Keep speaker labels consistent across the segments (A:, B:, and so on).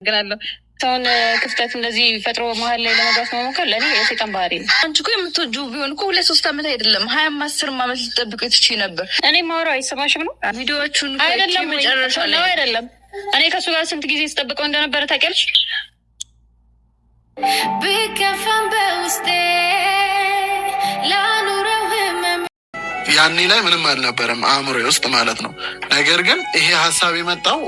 A: አመሰግናለሁ። ሰውን ክፍተት እንደዚህ ፈጥሮ መሀል ላይ ለመግባት መሞከር ለእኔ የሴጣን ባህሪ ነው። አንቺ እኮ የምትወጁ ቢሆን እኮ ሁለት ሶስት ዓመት አይደለም ሀያም አስር ዓመት ልጠብቅ ትችይ ነበር። እኔ ማውራው አይሰማሽም ነው ቪዲዮዎቹን አይደለም መጨረሻ ነው አይደለም። እኔ ከእሱ ጋር ስንት ጊዜ ስጠብቀው እንደነበረ ታውቂያለሽ። ብከፋም በውስጤ
B: ላኑረው ህመም ያኔ ላይ ምንም አልነበረም አእምሮ ውስጥ ማለት ነው። ነገር ግን ይሄ ሀሳብ የመጣው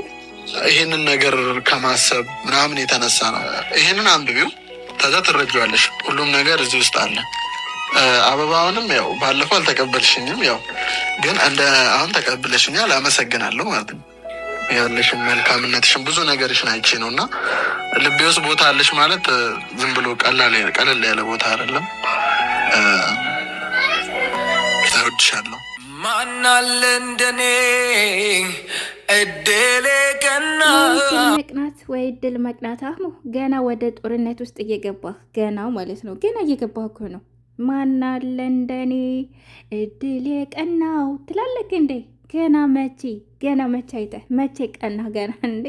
B: ይህንን ነገር ከማሰብ ምናምን የተነሳ ነው። ይህንን አንብቢው፣ ተዛ ትረጃዋለሽ። ሁሉም ነገር እዚህ ውስጥ አለ። አበባውንም ያው ባለፈው አልተቀበልሽኝም፣ ያው ግን እንደ አሁን ተቀብለሽኛል፣ አመሰግናለሁ ማለት ነው። ያለሽን መልካምነትሽን ብዙ ነገርሽን አይቼ ነው እና ልቤ ውስጥ ቦታ አለሽ ማለት ዝም ብሎ ቀላል ቀለል ያለ ቦታ አይደለም። ተወድሻለሁ። ማናለ እንደኔ
A: እድሌ መቅናት ወይ ድል መቅናት። አህሙ ገና ወደ ጦርነት ውስጥ እየገባ ገናው ማለት ነው። ገና እየገባ እኮ ነው። ማናለ እንደኔ እድል የቀናው ትላለክ እንዴ? ገና መቼ ገና መቼ አይተ መቼ ቀና ገና እንዴ?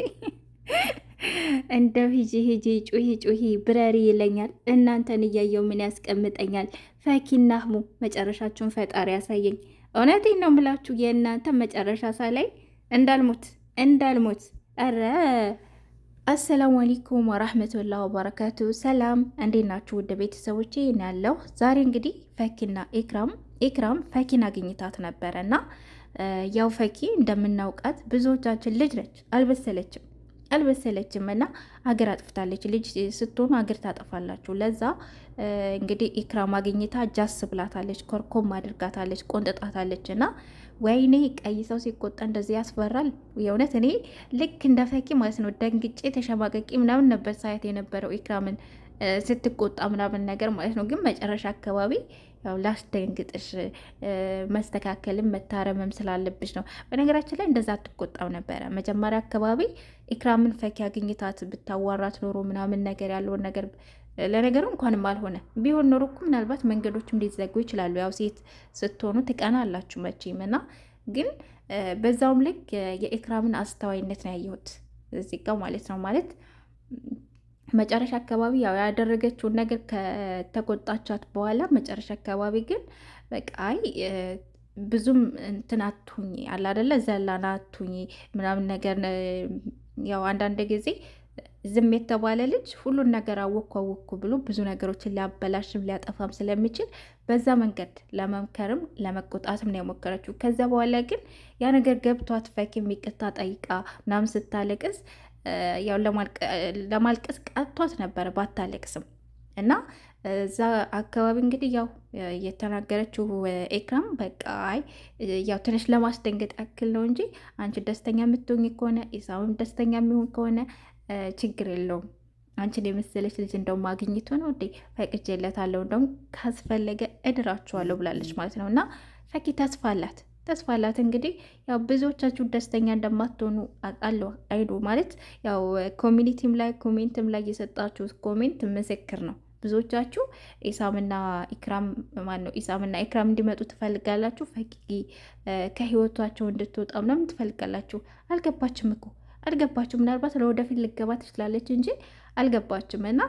A: እንደው ሂጂ ሂጂ ጩሂ ጩሂ ብረሪ ይለኛል። እናንተን እያየው ምን ያስቀምጠኛል? ፈኪና አህሙ መጨረሻችሁን ፈጣሪ ያሳየኝ። እውነቴን ነው የምላችሁ የእናንተ መጨረሻ ሳላይ እንዳልሞት እንዳልሞት ኧረ አሰላሙ አለይኩም ወራህመቱላህ ወበረካቱ። ሰላም እንዴት ናችሁ ውድ ቤተሰቦቼ? ያለው ዛሬ እንግዲህ ፈኪና ኤክራም ኢክራም ፈኪን አግኝታት ነበረ እና ያው ፈኪ እንደምናውቃት ብዙዎቻችን ልጅ ነች፣ አልበሰለችም አልበሰለችም እና አገር አጥፍታለች። ልጅ ስትሆኑ አገር ታጠፋላችሁ። ለዛ እንግዲህ ኢክራም አግኝታ ጃስ ብላታለች፣ ኮርኮም አድርጋታለች፣ ቆንጥጣታለች እና ወይኔ ቀይ ሰው ሲቆጣ እንደዚህ ያስፈራል። የእውነት እኔ ልክ እንደ ፈኪ ማለት ነው ደንግጬ ተሸማቀቂ ምናምን ነበር ሳያት የነበረው ኢክራምን ስትቆጣ ምናምን ነገር ማለት ነው። ግን መጨረሻ አካባቢ ያው ላስደንግጥሽ መስተካከልም መታረምም ስላለብሽ ነው። በነገራችን ላይ እንደዛ አትቆጣም ነበረ መጀመሪያ አካባቢ ኢክራምን ፈኪ አግኝታት ብታዋራት ኖሮ ምናምን ነገር ያለውን ነገር ለነገሩ እንኳንም አልሆነ ቢሆን ኖሮ እኮ ምናልባት መንገዶችም ሊዘጉ ይችላሉ። ያው ሴት ስትሆኑ ትቀና አላችሁ መቼም እና ግን በዛውም ልክ የኤክራምን አስተዋይነት ነው ያየሁት እዚህ ጋር ማለት ነው ማለት መጨረሻ አካባቢ ያው ያደረገችውን ነገር ከተቆጣቻት በኋላ መጨረሻ አካባቢ ግን በቃ አይ ብዙም እንትን አትሁኝ አለ አይደለ ዘላን አትሁኝ ምናምን ነገር ያው አንዳንድ ጊዜ ዝም የተባለ ልጅ ሁሉን ነገር አወኩ አወኩ ብሎ ብዙ ነገሮችን ሊያበላሽም ሊያጠፋም ስለሚችል በዛ መንገድ ለመምከርም ለመቆጣትም ነው የሞከረችው። ከዛ በኋላ ግን ያ ነገር ገብቷት ፈኪ የሚቅታ ጠይቃ ምናምን ስታለቅስ ያው ለማልቀስ ቀጥቷት ነበረ ባታለቅስም እና እዛ አካባቢ እንግዲህ ያው የተናገረችው ኤክራም በቃ አይ ያው ትንሽ ለማስደንገጥ ያክል ነው እንጂ አንቺ ደስተኛ የምትሆኝ ከሆነ ኢሳምም ደስተኛ የሚሆን ከሆነ ችግር የለውም። አንቺን የመሰለች ልጅ እንደው ማግኘቱ ነው እንዴ? ፈቅጄለታለሁ እንደውም ካስፈለገ እድራችኋለሁ ብላለች ማለት ነው። እና ፈኪ ተስፋ አላት ተስፋ አላት። እንግዲህ ያው ብዙዎቻችሁ ደስተኛ እንደማትሆኑ አውቃለሁ። አይዱ ማለት ያው ኮሚኒቲም ላይ ኮሜንትም ላይ የሰጣችሁ ኮሜንት ምስክር ነው። ብዙዎቻችሁ ኢሳምና ኢክራም ነው ኢሳምና ኢክራም እንዲመጡ ትፈልጋላችሁ። ፈኪ ከህይወቷቸው እንድትወጣ ምናምን ትፈልጋላችሁ። አልገባችም እኮ አልገባችሁ ምናልባት ለወደፊት ልገባ ትችላለች እንጂ አልገባችም። እና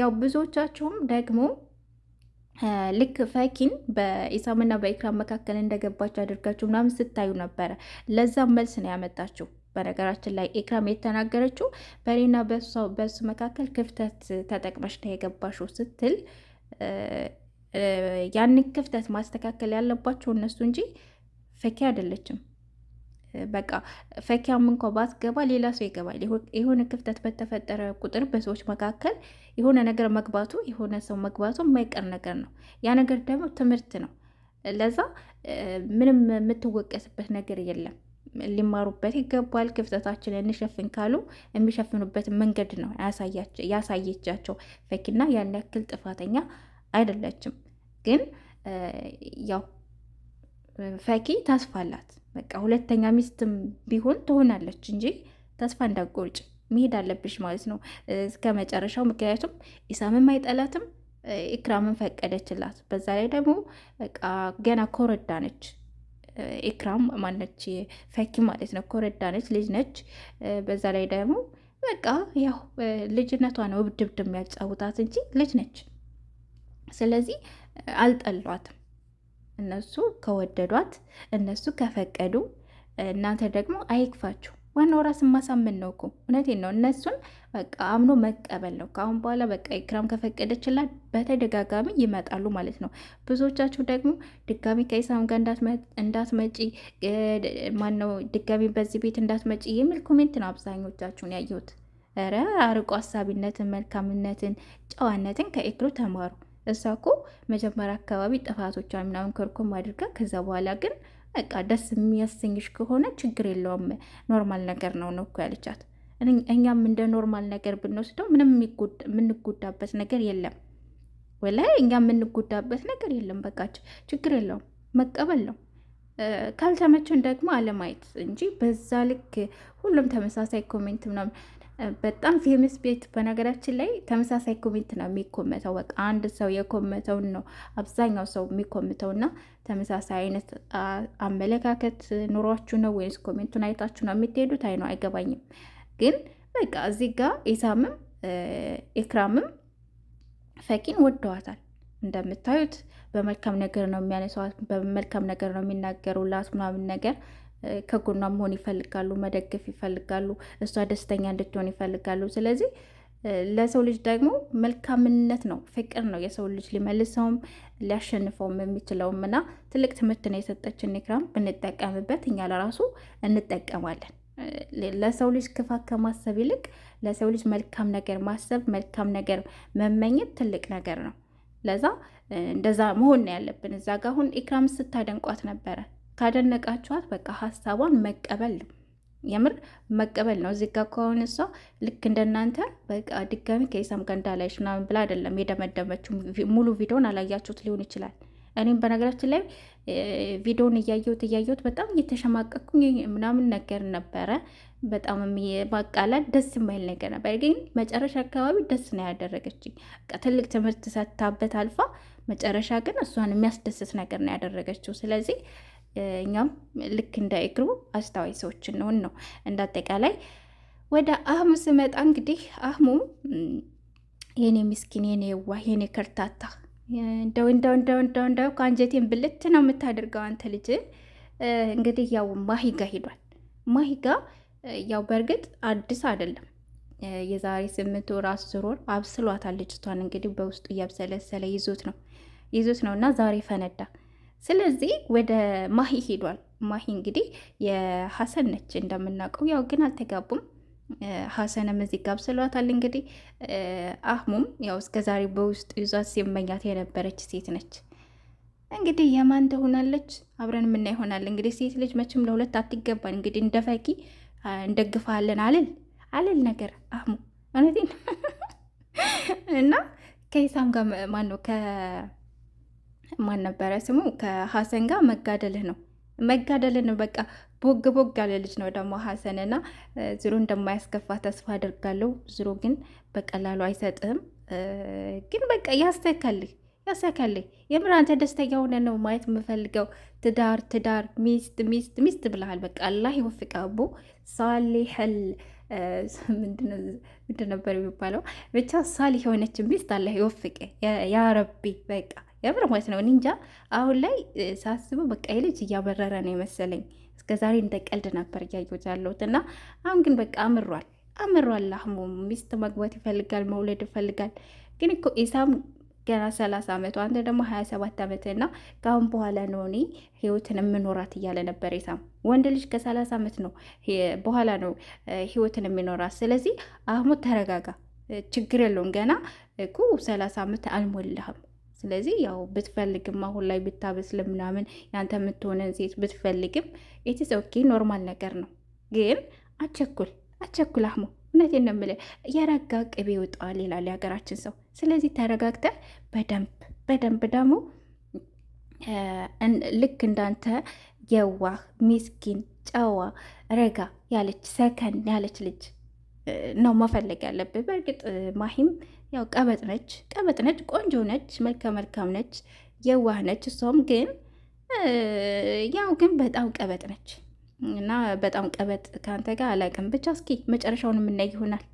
A: ያው ብዙዎቻችሁም ደግሞ ልክ ፈኪን በኢሳምና በኢክራም መካከል እንደገባችሁ አድርጋችሁ ምናምን ስታዩ ነበረ። ለዛም መልስ ነው ያመጣችው። በነገራችን ላይ ኢክራም የተናገረችው በእኔና በሱ መካከል ክፍተት ተጠቅመሽ ነው የገባሽው ስትል ያንን ክፍተት ማስተካከል ያለባቸው እነሱ እንጂ ፈኪ አይደለችም። በቃ ፈኪያም እንኳ ባትገባ ሌላ ሰው ይገባል። የሆነ ክፍተት በተፈጠረ ቁጥር በሰዎች መካከል የሆነ ነገር መግባቱ የሆነ ሰው መግባቱ የማይቀር ነገር ነው። ያ ነገር ደግሞ ትምህርት ነው። ለዛ ምንም የምትወቀስበት ነገር የለም። ሊማሩበት ይገባል። ክፍተታችንን እንሸፍን ካሉ የሚሸፍኑበት መንገድ ነው ያሳየቻቸው። ፈኪና ያን ያክል ጥፋተኛ አይደለችም። ግን ያው ፈኪ ተስፋ አላት በቃ ሁለተኛ ሚስትም ቢሆን ትሆናለች እንጂ ተስፋ እንዳትቆርጭ መሄድ አለብሽ ማለት ነው እስከ መጨረሻው። ምክንያቱም ኢሳምም አይጠላትም ኢክራምን ፈቀደችላት። በዛ ላይ ደግሞ በቃ ገና ኮረዳ ነች ኢክራም ማነች ፈኪ ማለት ነው። ኮረዳ ነች፣ ልጅ ነች። በዛ ላይ ደግሞ በቃ ያው ልጅነቷ ነው እብድብድ የሚያጫውታት እንጂ ልጅ ነች። ስለዚህ አልጠሏትም። እነሱ ከወደዷት እነሱ ከፈቀዱ እናንተ ደግሞ አይክፋችሁ። ዋናው ራስ ማሳመን ነው እኮ እውነቴን ነው። እነሱን በቃ አምኖ መቀበል ነው። ከአሁን በኋላ በቃ ኢክራም ከፈቀደችላት በተደጋጋሚ ይመጣሉ ማለት ነው። ብዙዎቻችሁ ደግሞ ድጋሚ ከኢሳም ጋር እንዳትመጪ ማነው ድጋሚ በዚህ ቤት እንዳትመጪ የሚል ኮሜንት ነው አብዛኞቻችሁን ያየሁት። ኧረ አርቆ ሀሳቢነትን፣ መልካምነትን፣ ጨዋነትን ከኤክሮ ተማሩ። እሷ እኮ መጀመሪያ አካባቢ ጥፋቶቿ ምናምን ኮርኮም አድርጋ ከዛ በኋላ ግን በቃ ደስ የሚያሰኝሽ ከሆነ ችግር የለውም ኖርማል ነገር ነው ነው እኮ ያለቻት። እኛም እንደ ኖርማል ነገር ብንወስደው ምንም የምንጎዳበት ነገር የለም። ወላይ እኛ የምንጎዳበት ነገር የለም። በቃ ችግር የለውም መቀበል ነው። ካልተመቸን ደግሞ አለማየት እንጂ በዛ ልክ ሁሉም ተመሳሳይ ኮሜንት ምናምን በጣም ፌመስ ቤት በነገራችን ላይ ተመሳሳይ ኮሜንት ነው የሚኮመተው። በቃ አንድ ሰው የኮመተውን ነው አብዛኛው ሰው የሚኮምተው እና ተመሳሳይ አይነት አመለካከት ኑሯችሁ ነው ወይስ ኮሜንቱን አይታችሁ ነው የምትሄዱት? አይ ነው አይገባኝም። ግን በቃ እዚህ ጋር ኢሳምም ኢክራምም ፈኪን ወደዋታል። እንደምታዩት በመልካም ነገር ነው የሚያነሷት፣ በመልካም ነገር ነው የሚናገሩላት ምናምን ነገር ከጎኗ መሆን ይፈልጋሉ፣ መደገፍ ይፈልጋሉ፣ እሷ ደስተኛ እንድትሆን ይፈልጋሉ። ስለዚህ ለሰው ልጅ ደግሞ መልካምነት ነው፣ ፍቅር ነው የሰው ልጅ ሊመልሰውም ሊያሸንፈውም የሚችለውም እና ትልቅ ትምህርት ነው የሰጠችን ኢክራም። ብንጠቀምበት እኛ ለራሱ እንጠቀማለን። ለሰው ልጅ ክፋት ከማሰብ ይልቅ ለሰው ልጅ መልካም ነገር ማሰብ መልካም ነገር መመኘት ትልቅ ነገር ነው። ለዛ እንደዛ መሆን ነው ያለብን። እዛ ጋ አሁን ኢክራም ስታደንቋት ነበረ ካደነቃችኋት በቃ ሀሳቧን መቀበል ነው። የምር መቀበል ነው። እዚህ ጋር ከሆነ እሷ ልክ እንደናንተ በቃ ድጋሚ ከኢሳም ጋር እንዳላይሽ ምናምን ብላ አይደለም የደመደመችው። ሙሉ ቪዲዮን አላያችሁት ሊሆን ይችላል። እኔም በነገራችን ላይ ቪዲዮን እያየሁት እያየሁት በጣም እየተሸማቀኩኝ ምናምን ነገር ነበረ። በጣም ማቃላት ደስ የማይል ነገር ነበር፣ ግን መጨረሻ አካባቢ ደስ ነው ያደረገችኝ። ትልቅ ትምህርት ሰታበት አልፋ፣ መጨረሻ ግን እሷን የሚያስደስት ነገር ነው ያደረገችው። ስለዚህ እኛም ልክ እንዳይግሩ አስተዋይ ሰዎች እንሆን ነው። እንዳጠቃላይ ወደ አህሙ ስመጣ እንግዲህ አህሙ የኔ ምስኪን፣ የኔ የዋህ፣ የኔ ከርታታ እንደው እንደው እንደው እንደው እንደው ከአንጀቴን ብልት ነው የምታደርገው አንተ ልጅ። እንግዲህ ያው ማሂጋ ሄዷል። ማሂጋ ያው በእርግጥ አዲስ አይደለም። የዛሬ ስምንት ወር አስር ወር አብስሏታል ልጅቷን። እንግዲህ በውስጡ እያብሰለሰለ ይዞት ነው ይዞት ነው እና ዛሬ ፈነዳ። ስለዚህ ወደ ማሂ ሄዷል። ማሂ እንግዲህ የሀሰን ነች እንደምናውቀው፣ ያው ግን አልተጋቡም። ሀሰንም እዚህ ጋብስሏታል። እንግዲህ አህሙም ያው እስከ ዛሬ በውስጥ ይዟት ሲመኛት የነበረች ሴት ነች። እንግዲህ የማን ትሆናለች አብረን የምና ይሆናል። እንግዲህ ሴት ልጅ መቼም ለሁለት አትገባን። እንግዲህ እንደ ፈኪ እንደግፋለን አልል አልል ነገር አህሙ እውነቴን እና ከሂሳም ጋር ማነው ከ ማን ነበረ ስሙ ከሀሰን ጋር መጋደልህ ነው ነው በቃ ቦግ ቦግ ያለ ልጅ ነው ደግሞ ሀሰንና ዝሮ እንደማያስከፋ ተስፋ አድርጋለሁ። ዝሮ ግን በቀላሉ አይሰጥህም። ግን በቃ ያስተካልህ ያስተካልህ። የምር አንተ ደስተኛ ሆነ ነው ማየት የምፈልገው። ትዳር ትዳር፣ ሚስት ሚስት ሚስት ብለሃል። በቃ አላህ ይወፍቅ። አቦ ሳሊሐል ምንድን ነበር የሚባለው? ብቻ ሳሊህ የሆነች ሚስት አላህ ይወፍቅ ያ በቃ የምር ማለት ነው። እንጃ አሁን ላይ ሳስበው በቃ ልጅ እያበረረ ነው የመሰለኝ። እስከ ዛሬ እንደ ቀልድ ነበር እያየሁት ያለሁት እና አሁን ግን በቃ አምሯል፣ አምሯል። አህሙ ሚስት መግባት ይፈልጋል፣ መውለድ ይፈልጋል። ግን እኮ ኢሳም ገና ሰላሳ ዓመቱ አንተ ደግሞ ሀያ ሰባት እና ከአሁን በኋላ ነው እኔ ህይወትን የምኖራት እያለ ነበር ኢሳም። ወንድ ልጅ ከሰላሳ ዓመት ነው በኋላ ነው ህይወትን የሚኖራት። ስለዚህ አህሙ ተረጋጋ፣ ችግር የለውም። ገና እኮ ሰላሳ ዓመት አልሞላህም። ስለዚህ ያው ብትፈልግም አሁን ላይ ብታበስል ምናምን ያንተ የምትሆነን ሴት ብትፈልግም ኢትስ ኦኬ ኖርማል ነገር ነው። ግን አቸኩል አቸኩል አህሙ እውነቴን ነው የምልህ። የረጋ ቅቤ ይወጣዋል ይላል የሀገራችን ሰው። ስለዚህ ተረጋግተህ በደንብ በደንብ ደግሞ ልክ እንዳንተ የዋህ ሚስኪን ጨዋ ረጋ ያለች ሰከን ያለች ልጅ ነው መፈለግ ያለብህ። በእርግጥ ማሂም ያው ቀበጥ ነች፣ ቀበጥ ነች፣ ቆንጆ ነች፣ መልከ መልካም ነች፣ የዋህ ነች። እሷም ግን ያው ግን በጣም ቀበጥ ነች እና በጣም ቀበጥ ከአንተ ጋር አላውቅም። ብቻ እስኪ መጨረሻውን የምናይ ይሆናል።